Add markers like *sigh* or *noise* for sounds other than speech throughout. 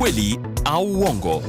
ukweli au uongo.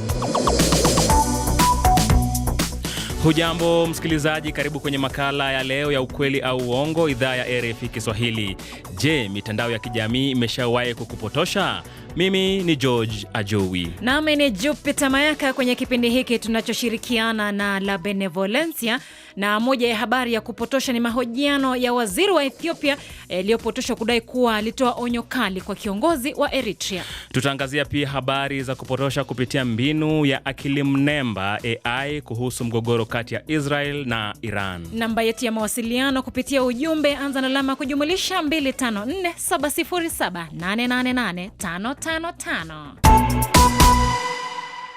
Hujambo msikilizaji, karibu kwenye makala ya leo ya ukweli au uongo, idhaa ya RFI Kiswahili. Je, mitandao ya kijamii imeshawahi kukupotosha? Mimi ni George Ajowi nami ni jupite Mayaka kwenye kipindi hiki tunachoshirikiana na La Benevolencia. Na moja ya habari ya kupotosha ni mahojiano ya waziri wa Ethiopia yaliyopotoshwa eh, kudai kuwa alitoa onyo kali kwa kiongozi wa Eritrea. Tutaangazia pia habari za kupotosha kupitia mbinu ya akili mnemba AI kuhusu mgogoro kati ya Israel na Iran. Namba yetu ya mawasiliano kupitia ujumbe, anza na alama kujumulisha 254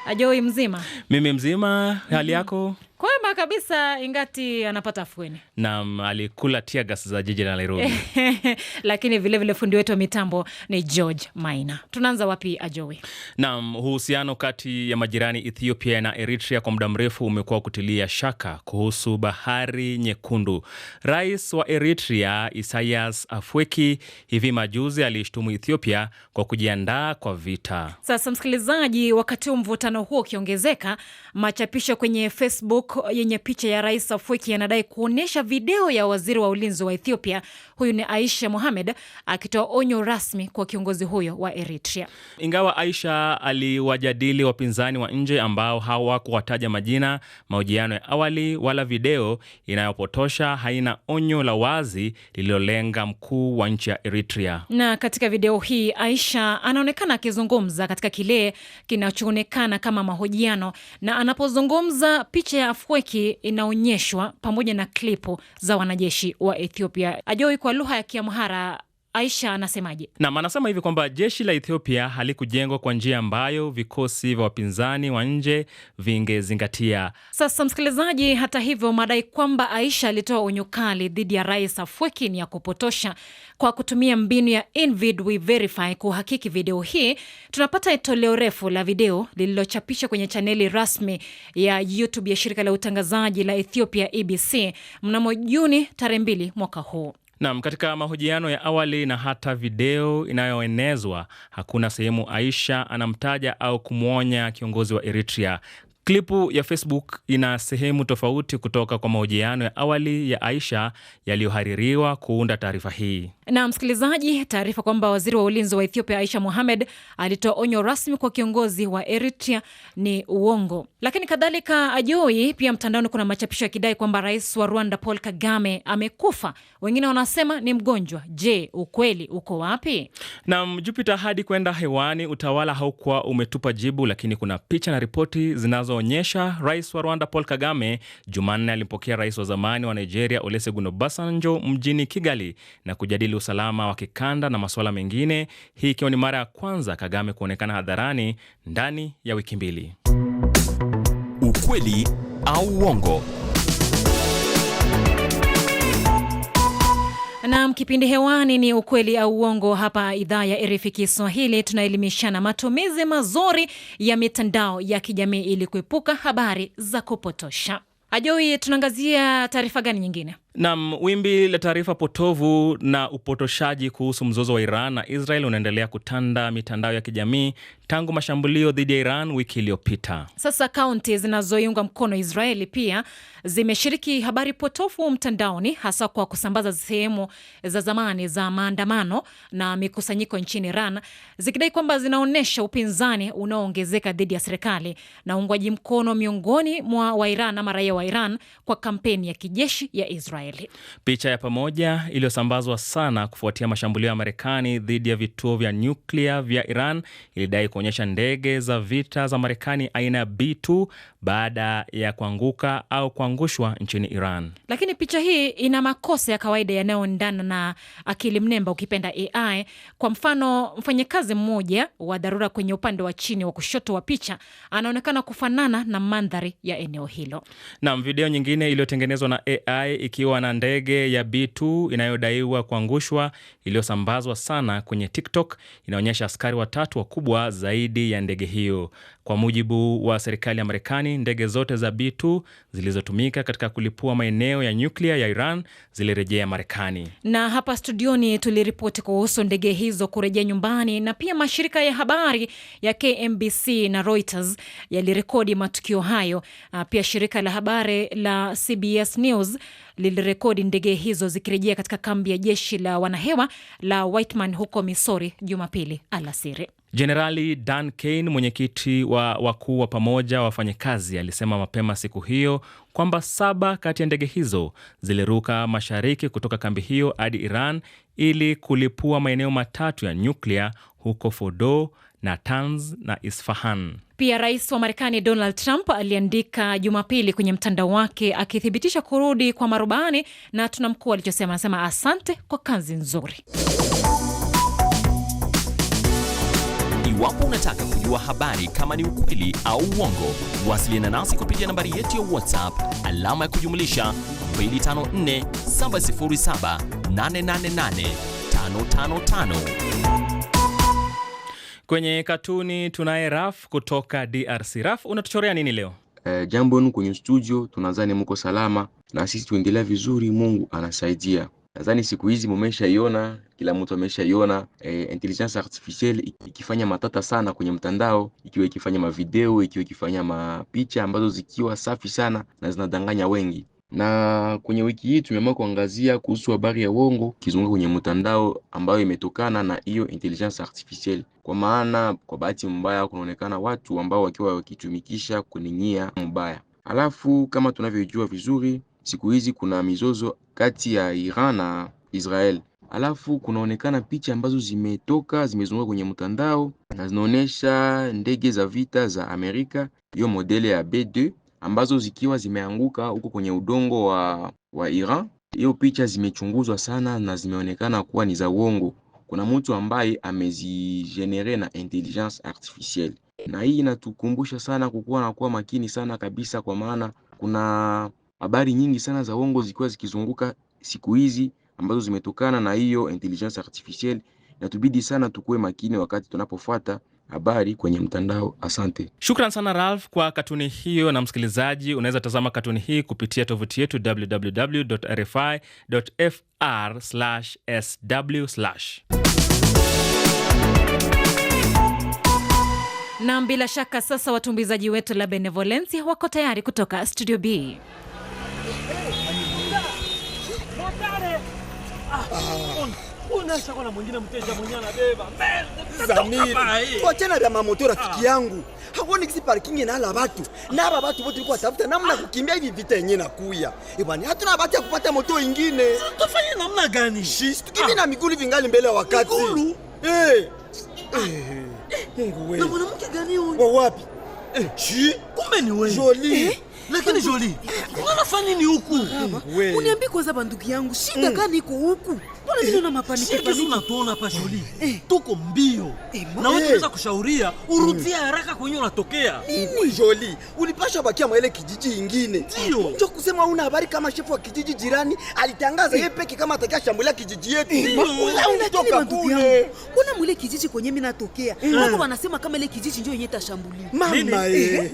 Ajoi, mzima? Mimi mzima, hali mhm. yako? kwamba kabisa ingati anapata afueni. nam alikula tiagas za jiji la Nairobi *laughs* lakini vilevile fundi wetu wa mitambo ni George Maina. Tunaanza wapi Ajowi? nam uhusiano kati ya majirani Ethiopia na Eritrea kwa muda mrefu umekuwa kutilia shaka kuhusu bahari nyekundu. Rais wa Eritrea Isaias afweki hivi majuzi aliishtumu Ethiopia kwa kujiandaa kwa vita. Sasa msikilizaji, wakati huu mvutano huo ukiongezeka, machapisho kwenye Facebook yenye picha ya Rais afweki yanadai kuonyesha video ya waziri wa ulinzi wa Ethiopia, huyu ni Aisha Mohamed, akitoa onyo rasmi kwa kiongozi huyo wa Eritrea. Ingawa Aisha aliwajadili wapinzani wa nje ambao hawakuwataja majina, mahojiano ya awali wala video inayopotosha haina onyo la wazi lililolenga mkuu wa nchi ya Eritrea. Na katika video hii Aisha anaonekana akizungumza katika kile kinachoonekana kama mahojiano, na anapozungumza picha ya afweki inaonyeshwa pamoja na klipu za wanajeshi wa Ethiopia. Ajoi kwa lugha ya Kiamhara Aisha anasemaje? Nam anasema hivi kwamba jeshi la Ethiopia halikujengwa kwa njia ambayo vikosi vya wapinzani wa nje vingezingatia. Sasa msikilizaji, hata hivyo, madai kwamba Aisha alitoa onyo kali dhidi ya Rais Afweki ni ya kupotosha. Kwa kutumia mbinu ya Invid We Verify kuhakiki video hii, tunapata toleo refu la video lililochapishwa kwenye chaneli rasmi ya YouTube ya shirika la utangazaji la Ethiopia, EBC, mnamo Juni tarehe 2 mwaka huu. Naam, katika mahojiano ya awali na hata video inayoenezwa hakuna sehemu Aisha anamtaja au kumwonya kiongozi wa Eritrea. Klipu ya Facebook ina sehemu tofauti kutoka kwa mahojiano ya awali ya Aisha yaliyohaririwa kuunda taarifa hii. Na msikilizaji, taarifa kwamba waziri wa ulinzi wa Ethiopia Aisha Mohamed alitoa onyo rasmi kwa kiongozi wa Eritrea ni uongo. Lakini kadhalika ajui pia mtandaoni kuna machapisho yakidai kwamba rais wa Rwanda Paul Kagame amekufa, wengine wanasema ni mgonjwa. Je, ukweli uko wapi? Nam jupita hadi kwenda hewani utawala haukuwa umetupa jibu, lakini kuna picha na ripoti zinazoonyesha rais wa Rwanda Paul Kagame Jumanne alimpokea rais wa zamani wa Nigeria olesegunobasanjo Obasanjo mjini Kigali na kujadili kujadili usalama wa kikanda na masuala mengine, hii ikiwa ni mara ya kwanza Kagame kuonekana hadharani ndani ya wiki mbili. Ukweli au uongo? Nam, kipindi hewani ni ukweli au uongo, hapa idhaa ya RFI Kiswahili. Tunaelimishana matumizi mazuri ya mitandao ya kijamii ili kuepuka habari za kupotosha. Ajoi, tunaangazia taarifa gani nyingine? Nam, wimbi la taarifa potovu na upotoshaji kuhusu mzozo wa Iran na Israel unaendelea kutanda mitandao ya kijamii tangu mashambulio dhidi ya Iran wiki iliyopita. Sasa kaunti zinazoiunga mkono Israeli pia zimeshiriki habari potofu mtandaoni, hasa kwa kusambaza sehemu za zamani za maandamano na mikusanyiko nchini Iran, zikidai kwamba zinaonyesha upinzani unaoongezeka dhidi ya serikali na uungwaji mkono miongoni mwa Wairan ama raia wa Iran kwa kampeni ya kijeshi ya Israel. Israeli. Picha ya pamoja iliyosambazwa sana kufuatia mashambulio ya Marekani dhidi ya vituo vya nyuklia vya Iran ilidai kuonyesha ndege za vita za Marekani aina ya B2 baada ya kuanguka au kuangushwa nchini Iran. Lakini picha hii ina makosa ya kawaida yanayoendana na akili mnemba, ukipenda AI. Kwa mfano, mfanyakazi mmoja wa dharura kwenye upande wa chini wa kushoto wa picha anaonekana kufanana na mandhari ya eneo hilo. nam video nyingine iliyotengenezwa na AI ikiwa kuliwa na ndege ya B2 inayodaiwa kuangushwa iliyosambazwa sana kwenye TikTok inaonyesha askari watatu wakubwa zaidi ya ndege hiyo. Kwa mujibu wa serikali ya Marekani, ndege zote za B2 zilizotumika katika kulipua maeneo ya nyuklia ya Iran zilirejea Marekani. Na hapa studioni tuliripoti kuhusu ndege hizo kurejea nyumbani, na pia mashirika ya habari ya KMBC na Reuters yalirekodi matukio hayo. Ah, pia shirika la habari la CBS News lilirekodi ndege hizo zikirejea katika kambi ya jeshi la wanahewa la Whiteman huko Misori Jumapili alasiri. Jenerali Dan Kane, mwenyekiti wa wakuu wa pamoja wa wafanyakazi, alisema mapema siku hiyo kwamba saba kati ya ndege hizo ziliruka mashariki kutoka kambi hiyo hadi Iran ili kulipua maeneo matatu ya nyuklia huko Fordo, Natanz na Isfahan. Pia rais wa Marekani Donald Trump aliandika Jumapili kwenye mtandao wake akithibitisha kurudi kwa marubani, na tunamkuu alichosema, anasema asante kwa kazi nzuri. Iwapo unataka kujua habari kama ni ukweli au uongo, wasiliana nasi kupitia nambari yetu ya WhatsApp alama ya kujumlisha 254 707 888 555. Kwenye katuni tunaye Raf kutoka DRC. Raf, unatuchorea nini leo? E, jambo nu kwenye studio, tunadhani mko salama na sisi tuendelea vizuri, Mungu anasaidia. Nadhani siku hizi mumeshaiona, kila mtu ameshaiona e, intelligence artificielle ikifanya matata sana kwenye mtandao, ikiwa ikifanya mavideo, ikiwa ikifanya mapicha ambazo zikiwa safi sana na zinadanganya wengi na kwenye wiki hii tumeamua kuangazia kuhusu habari ya uongo kizunguka kwenye mtandao ambayo imetokana na hiyo intelligence artificielle. Kwa maana kwa bahati mbaya kunaonekana watu ambao wakiwa wakitumikisha kwenye nia mbaya. Alafu kama tunavyojua vizuri, siku hizi kuna mizozo kati ya Iran na Israel. Alafu kunaonekana picha ambazo zimetoka zimezunguka kwenye mtandao na zinaonyesha ndege za vita za Amerika, hiyo modele ya B2 ambazo zikiwa zimeanguka huko kwenye udongo wa, wa Iran. Hiyo picha zimechunguzwa sana na zimeonekana kuwa ni za uongo. Kuna mtu ambaye amezigenere na intelligence artificielle, na hii inatukumbusha sana kukuwa na kuwa makini sana kabisa, kwa maana kuna habari nyingi sana za uongo zikiwa zikizunguka siku hizi ambazo zimetokana na hiyo intelligence artificielle, natubidi sana tukuwe makini wakati tunapofuata habari kwenye mtandao. Asante, shukran sana Ralf kwa katuni hiyo. Na msikilizaji, unaweza tazama katuni hii kupitia tovuti yetu www.rfi.fr/sw. nam bila shaka sasa watumbuizaji wetu la Benevolencia wako tayari kutoka Studio B. Wachana vya mamoto rafiki ah. yangu, hauoni kisi parking inala batu na batu bote likuwa tafuta namna kukimbia hivi vita yenye na kuya ibani, hatuna bahati ya kupata moto ingine. Tufanye namna gani? Shish, tukivi ah. na migulu vingali mbele ya wakati. Migulu? Eh. Ah. Eh, eh, eh. Mungu wewe. Na mwanamke gani huyu? Wa wapi? Eh. Shi, kumbe ni wewe. Jolie. Lakini Jolie, unafanya nini huku? Uniambie kwanza banduki yangu, shida mm. gani iko huku? lazima eh, tuona hapa shughuli eh. tuko mbio eh, na wewe unaweza kushauria urudie mm. haraka kwenye unatokea. Nini Joli, ulipasha bakia mwele kijiji ingine, ndio njo kusema una habari kama shefu wa kijiji jirani alitangaza yeye peke kama atakia shambulia kijiji yetu. Unatoka kule kuna mwele kijiji kwenye mimi natokea, wako wanasema kama ile kijiji ndio yenye tashambulia mama eh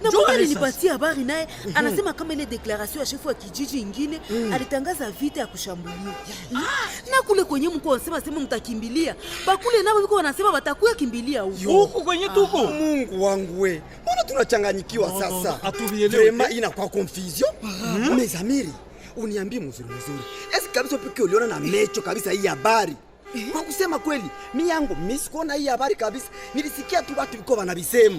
mbona alinipatia habari naye anasema kama ile deklaration ya shefu wa kijiji ingine alitangaza mm. vita ya kushambulia ah. na kule kwenye mko anasema sema mtakimbilia bakule nao yuko wanasema watakuya kimbilia huko huko kwenye ah. tuko. Mungu wangu we, mbona tunachanganyikiwa sasa? ina kwa confusion. mm. mezamiri uniambie mzuri mzuri, esi kabisa pekee uliona na mecho kabisa hii habari Eh? Kwa kusema kweli, mi yangu mi hii habari kabisa, nilisikia tu watu biko wanabisema.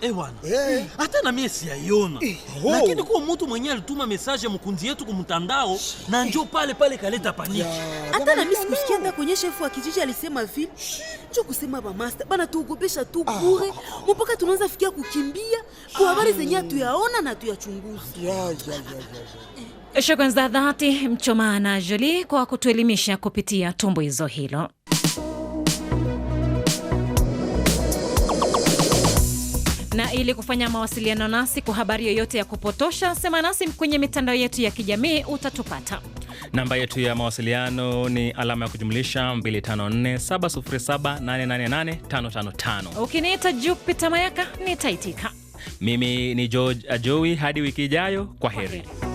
Eh bwana, eh. hata na mimi siyaiona, eh. lakini oh. kwa mtu mwenyewe alituma message mkunzi yetu kumtandao na njoo pale pale kaleta paniki. Hata na mimi sikusikia nda kwenye shefu wa kijiji alisema vile. Njoo kusema ba master bana tuogopesha tu ah. bure, mpaka tunaanza fikia kukimbia kwa habari zenye hatuyaona na tuyachunguza. shukran za dhati Mchoma na Jolie kwa kutuelimisha kupitia tumbo hizo hilo. Na ili kufanya mawasiliano nasi kwa habari yoyote ya kupotosha, sema nasi kwenye mitandao yetu ya kijamii, utatupata namba yetu ya mawasiliano ni alama ya kujumlisha 254707888555. Ukiniita Jupita Mayaka nitaitika. Mimi ni George Ajowi, hadi wiki ijayo, kwa heri.